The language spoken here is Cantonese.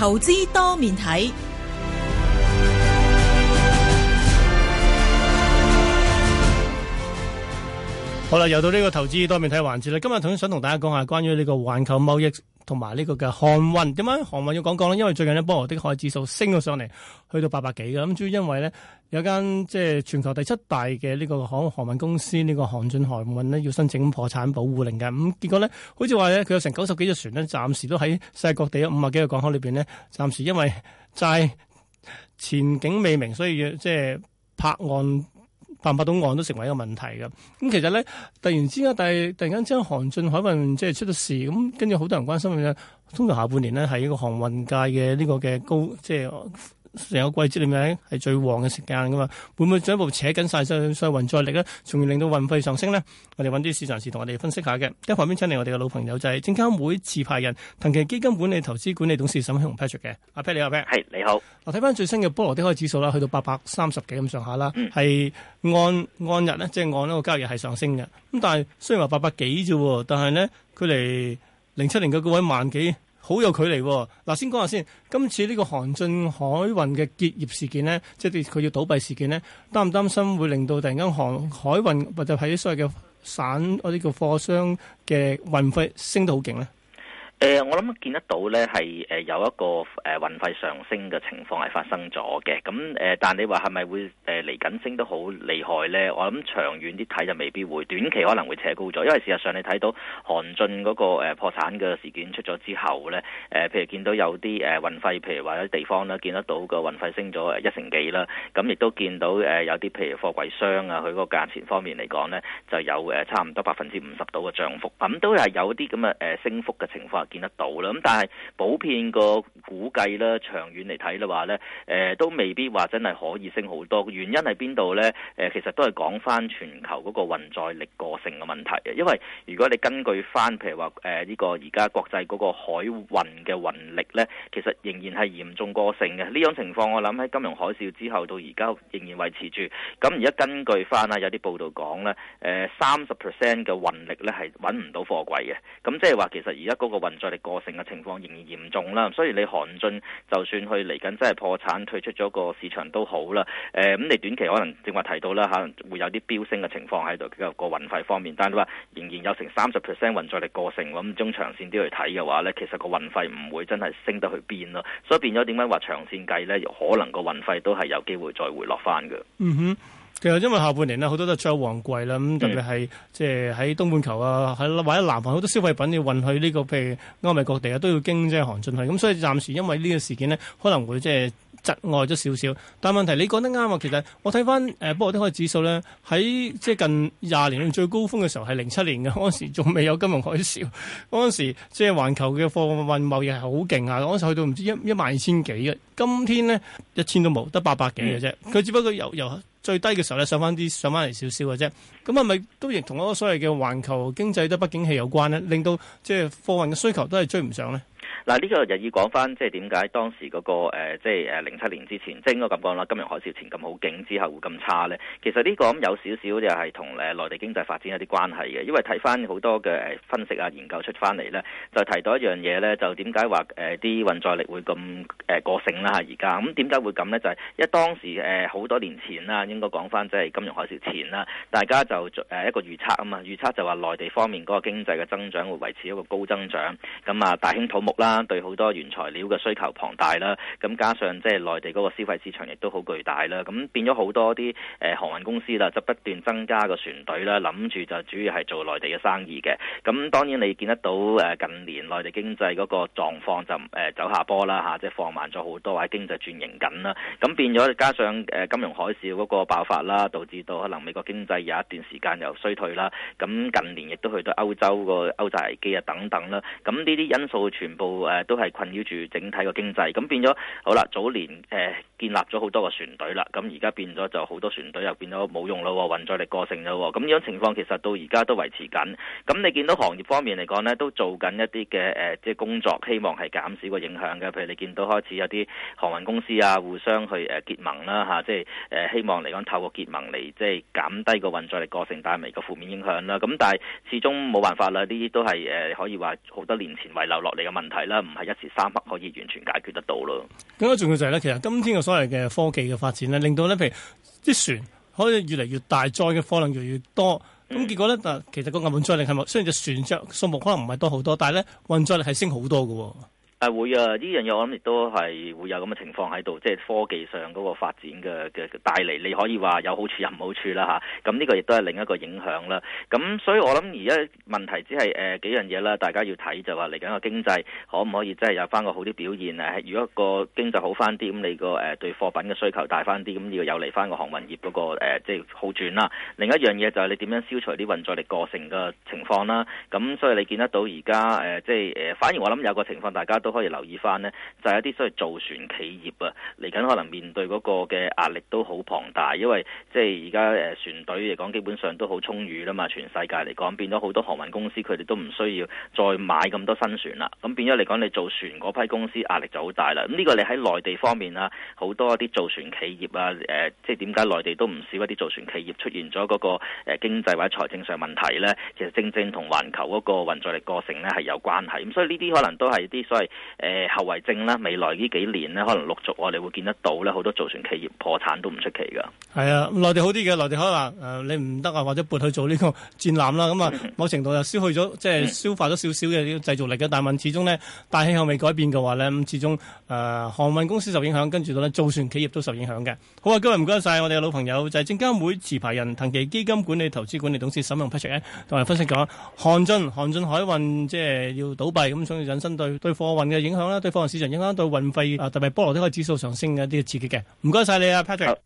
投資多面睇。好啦，又到呢個投資多面睇環節啦。今日頭先想同大家講下關於呢個環球貿易同埋呢個嘅航運，點解？航運要講講咧？因為最近呢，波羅的海指數升咗上嚟，去到八百幾噶。咁主要因為呢，有間即係全球第七大嘅呢個航航運公司，呢、這個韓進航運呢，要申請破產保護令嘅。咁結果呢，好似話咧，佢有成九十幾隻船呢，暫時都喺世界各地五十幾個港口裏邊呢，暫時因為債前景未明，所以即係泊岸。犯法到岸都成為一個問題㗎，咁其實咧，突然之間，第突然間將韓進海運即係出咗事，咁跟住好多人關心嘅，通常下半年呢，係呢個航運界嘅呢、這個嘅高即係。成個季節裏面係最旺嘅時間噶嘛，會唔會進一步扯緊晒所所運載力呢？從而令到運費上升呢？我哋揾啲市場士同我哋分析下嘅。一旁邊請嚟我哋嘅老朋友就係證監會持牌人、縢祺基金管理、投資管理董事沈慶洪 Patrick 嘅。阿 Patrick 你好。係你好。我睇翻最新嘅波羅的海指數啦，去到八百三十幾咁上下啦，係、嗯、按按日呢，即係按一個交易日係上升嘅。咁但係雖然話八百幾啫，但係呢，佢離零七年嘅高位萬幾。好有距離喎！嗱，先講下先，今次呢個韓進海運嘅結業事件呢，即係佢要倒閉事件呢，擔唔擔心會令到突然間韓海運或者係所謂嘅省嗰啲叫貨商嘅運費升到好勁呢？誒、呃，我諗見得到呢係誒有一個誒運費上升嘅情況係發生咗嘅。咁誒、呃，但你話係咪會誒嚟緊升得好厲害呢？我諗長遠啲睇就未必會，短期可能會扯高咗。因為事實上你睇到韓進嗰個誒、呃、破產嘅事件出咗之後呢，誒、呃，譬如見到有啲誒運費，譬如話有啲地方咧見得到個運費升咗一成幾啦。咁亦都見到誒有啲譬如貨櫃商啊，佢嗰個價錢方面嚟講呢，就有誒差唔多百分之五十到嘅漲幅。咁都係有啲咁嘅誒升幅嘅情況。見得到啦，咁但係普遍個估計咧，長遠嚟睇嘅話咧，誒、呃、都未必話真係可以升好多。原因係邊度咧？誒、呃，其實都係講翻全球嗰個運載力過剩嘅問題。因為如果你根據翻譬如話誒呢個而家國際嗰個海運嘅運力咧，其實仍然係嚴重過剩嘅。呢種情況我諗喺金融海嘯之後到而家仍然維持住。咁而家根據翻啊有啲報道講咧，誒三十 percent 嘅運力咧係揾唔到貨櫃嘅。咁即係話其實而家嗰個運載力過剩嘅情況仍然嚴重啦，所以你韓進就算佢嚟緊真係破產退出咗個市場都好啦。誒，咁你短期可能正話提到啦嚇，會有啲飆升嘅情況喺度，個運費方面。但係你話仍然有成三十 percent 運載力過剩，咁中長線啲去睇嘅話咧，其實個運費唔會真係升得去邊咯。所以變咗點解話長線計咧，可能個運費都係有機會再回落翻嘅。嗯哼。其實因為下半年咧，好多都係出貨旺季啦，咁特別係即係喺東半球啊，喺或者南韓好多消費品要運去呢個譬如歐美各地啊，都要經即係韓進去，咁所以暫時因為呢個事件咧，可能會即係。窒外咗少少，但問題你講得啱啊！其實我睇翻誒波羅的海指數咧，喺即係近廿年最高峰嘅時候係零七年嘅，嗰陣時仲未有金融海嘯，嗰陣時即係環球嘅貨運貿易係好勁啊！嗰陣時去到唔知一一萬二千幾嘅，今天呢一千都冇，得八百幾嘅啫。佢只不過由由最低嘅時候咧上翻啲，上翻嚟少少嘅啫。咁係咪都亦同一個所謂嘅環球經濟嘅不景氣有關呢？令到即係貨運嘅需求都係追唔上呢。嗱呢個又要講翻，即係點解當時嗰、那個即係誒零七年之前，即、就、係、是、應該咁講啦，金融海嘯前咁好勁之後會咁差咧？其實呢個咁有少少就係同誒內地經濟發展有啲關係嘅，因為睇翻好多嘅分析啊研究出翻嚟咧，就提到一樣嘢咧，就點解話誒啲運載力會咁誒、呃、過剩啦嚇而家？咁點解會咁咧？就係、是、因為當時誒好、呃、多年前啦，應該講翻即係金融海嘯前啦，大家就誒一個預測啊嘛，預測就話內地方面嗰個經濟嘅增長會維持一個高增長，咁啊大興土木啦。對好多原材料嘅需求龐大啦，咁加上即係內地嗰個消費市場亦都好巨大啦，咁變咗好多啲誒航運公司啦，就不斷增加個船隊啦，諗住就主要係做內地嘅生意嘅。咁當然你見得到誒近年內地經濟嗰個狀況就誒走下坡啦嚇，即係放慢咗好多，喺經濟轉型緊啦。咁變咗加上誒金融海嘯嗰個爆發啦，導致到可能美國經濟有一段時間又衰退啦。咁近年亦都去到歐洲個歐債危機啊等等啦。咁呢啲因素全部。誒都係困擾住整體嘅經濟，咁變咗好啦。早年誒。呃建立咗好多個船隊啦，咁而家變咗就好多船隊又變咗冇用啦，運載力過剩啦，咁樣情況其實到而家都維持緊。咁你見到行業方面嚟講呢，都做緊一啲嘅誒，即係工作，希望係減少個影響嘅。譬如你見到開始有啲航運公司啊，互相去誒結盟啦，吓、啊，即係誒、呃、希望嚟講透過結盟嚟即係減低個運載力過剩，帶嚟嘅負面影響啦。咁、啊、但係始終冇辦法啦，呢啲都係誒、呃、可以話好多年前遺留落嚟嘅問題啦，唔係一時三刻可以完全解決得到咯。更加重要就係、是、咧，其實今天嘅。我哋嘅科技嘅發展咧，令到咧，譬如啲船可以越嚟越大，載嘅貨量越嚟越多，咁結果咧，嗱，其實個壓運載力係咪，雖然隻船隻數目可能唔係多好多，但係咧運載力係升好多嘅、哦。係會啊！呢樣嘢我諗亦都係會有咁嘅情況喺度，即係科技上嗰個發展嘅嘅帶嚟，你可以話有好處又唔好處啦吓。咁、啊、呢、這個亦都係另一個影響啦。咁、啊、所以我諗而家問題只係誒、呃、幾樣嘢啦，大家要睇就話嚟緊個經濟可唔可以真係有翻個好啲表現啊？如果個經濟好翻啲，咁你個誒、呃、對貨品嘅需求大翻啲，咁要有利翻個航運業嗰、那個誒即係好轉啦。另一樣嘢就係你點樣消除啲運載力過剩嘅情況啦。咁、啊啊、所以你見得到而家誒即係誒，反而我諗有個情況，大家都。都可以留意翻呢，就係一啲所謂造船企業啊，嚟緊可能面對嗰個嘅壓力都好龐大，因為即係而家誒船隊嚟講，基本上都好充裕啦嘛。全世界嚟講，變咗好多航運公司，佢哋都唔需要再買咁多新船啦。咁變咗嚟講，你造船嗰批公司壓力就好大啦。咁呢個你喺內地方面啊，好多一啲造船企業啊，誒、呃，即係點解內地都唔少一啲造船企業出現咗嗰個誒經濟或者財政上問題呢？其實正正同環球嗰個運載力過剩呢係有關係。咁所以呢啲可能都係一啲所謂。誒、呃，後遺症啦，未來呢幾年咧，可能陸續我哋會見得到咧，好多造船企業破產都唔出奇噶。係啊，內地好啲嘅，內地可能誒、呃、你唔得啊，或者撥去做呢個戰艦啦，咁、嗯、啊、嗯、某程度又消去咗，即係消化咗少少嘅啲製造力嘅。但係始終呢，大氣候未改變嘅話呢，咁始終誒、呃、航運公司受影響，跟住到咧造船企業都受影響嘅。好啊，今日唔該晒我哋嘅老朋友，就係證監會持牌人縢祺基金管理投資管理董事沈慶洪 Patrick 同埋分析講，韓進韓進海運即係要倒閉，咁所以引申對對貨運。嘅影響啦，對貨運市場影響，對運費啊，特別波羅的海指數上升嘅一啲刺激嘅，唔該晒你啊，Patrick。